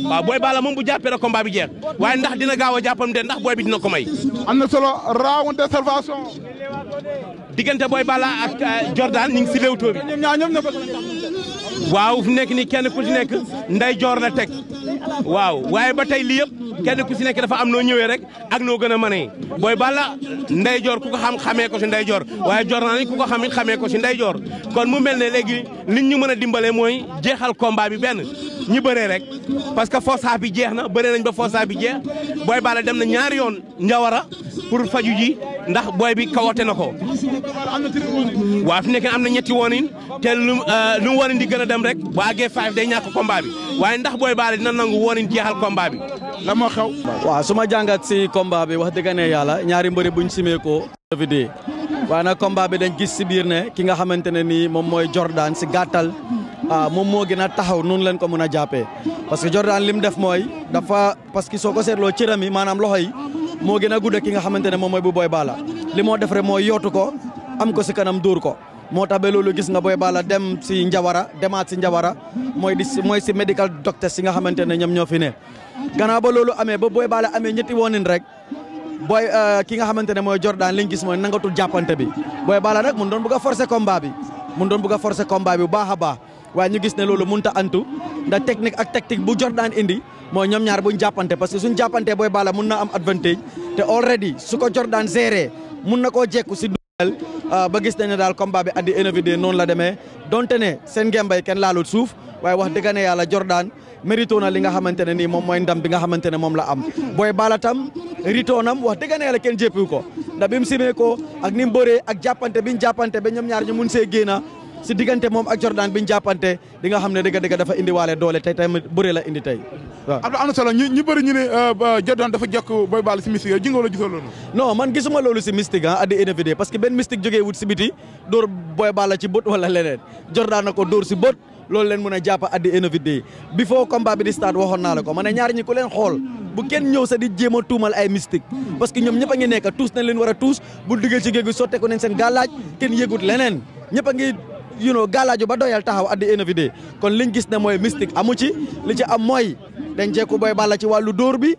waa booy balla moom bu jàppee rek combat bi jeex waaye ndax dina gaaw a jàppam de ndax booy bi dina ko may. am na solo round d'observation. diggante booy balla ak euh, Jordan ñu ngi si léewtoo bi. waaw fu nekk nii kenn ku ci nekk nday joor la teg waaw waaye ba tey lii yëpp kenn ku si nekk dafa am noo ñëwee rek ak noo gën a mënee booy bala nday joor ku ko xam xamee ko si nday joor waaye joor naa ni ku ko xam it xamee ko si nday joor kon mu mel ne léegi liñ ñu mën a dimbalee mooy jeexal combat bi benn ñi bëree rek parce que force bi jeex na bëree nañ ba force bi jeex booy bala dem na ñaari yoon njawara pour faju ji ndax booy bi kawote na ko waaw fi am na ñetti woonin te lu euh, lu mu di gën a dem rek bu àggee five day ñàkk combat bi waaye ndax booy baale dina nangu woonin jeexal combat bi la moo xew waaw su ma jàngat si combat bi wax dëgg ne yàlla ñaari mbëri buñ simee ko vidéo waaye na combat bi dañ gis si biir ne ki nga xamante ne nii moom mooy Jordan si gàttal ah, moom moo gën a taxaw noonu leen ko mën a jàppee parce que Jordan li mu def mooy dafa parce que soo ko seetloo cëram yi maanaam loxo yi moo gën a gudd ki nga xamante ne moom mooy bu Boy Balla li moo def rek mooy yootu ko am ko si kanam dóor ko moo tax ba loolu gis nga Boy Balla dem si Njawara demaat si Njawara mooy di mooy si medical docteur si nga xamante ne ñoom ñoo fi ne. gannaaw ba loolu amee ba Boy Balla amee ñetti woonin rek booy euh, ki nga xamante ne mooy Jordan liñ gis mooy nangatul jàppante bi Boy Balla nag mun doon bëgg a forcer combat bi mun doon bëgg a forcer combat bi bu baax a baax. waaye ñu gis ne loolu mënut a antu ndax technique ak tactique bu Jordan indi mooy ñoom ñaar buñ jàppante parce que suñ jàppante booy Balla mun na am advantage te already su ko Jordan géré mun na koo jekku si dugal euh, ba gis na ne daal combat bi addi dee noonu la demee donte ne seen ngembay kenn laalut suuf waaye wax dëgg ne yàlla Jordan mérito na li nga xamante ne nii moom mooy ndam bi nga xamante ne moom la am Boy Balla tam nam wax dëgg ne yàlla kenn jéppiwu ko ndax bi mu simee ni mu bëree ak jàppante bi ñu jàppante ba ñoom ñaar ñu mun see génn ci digante mom ak Jordan biñu jappante di nga xamne deug deug dafa indi walé doole tay tay bëri la indi tay abdou amna solo ñu ñu bari ñu ne euh, Jordan dafa jokk Boy Baal ci mystique jingo la nga wala non man gisuma lolu ci mystique adi addi individu parce que ben mystique jógee wut ci biti dóor Boy Baal ci bot wala lenen Jordan nako ko ci bot bët len leen japp adi jàpp addi individu bi foo combat bi di start waxon na la ko mané ñaar ñi ku len xol bu kenn ñew sa di jema tumal ay mystique parce que ñom ñepp nga nekk tous na len wara tous bu duggee ci geegu soté ko nañ sen gàllaaj kenn yegut lenen ñepp nga you know galaaju ba doyal taxaw addi énévidé kon liñ gis ne mooy mystique amu ci li ci am mooy dañ jeeku boy balla ci wàllu dóor bi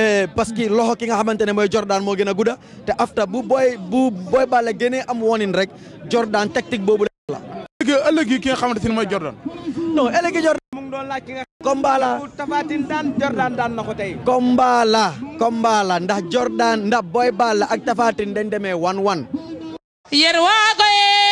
eh, parce que loxo ki nga xamante ne mooy Jordan moo gën a gudda te afta bu booy bu booy balla génnee am wonin rek Jordan tactique boobu la ëllëg yi ki nga xamante ne mooy Jordan non ëllëg yi Jordan mu laaj ki nga combat la tafaatin daan Jordan daan na ko tey combat la combat la ndax Jordan ndax booy balla ak tafaatin dañ demee wan wan yer waa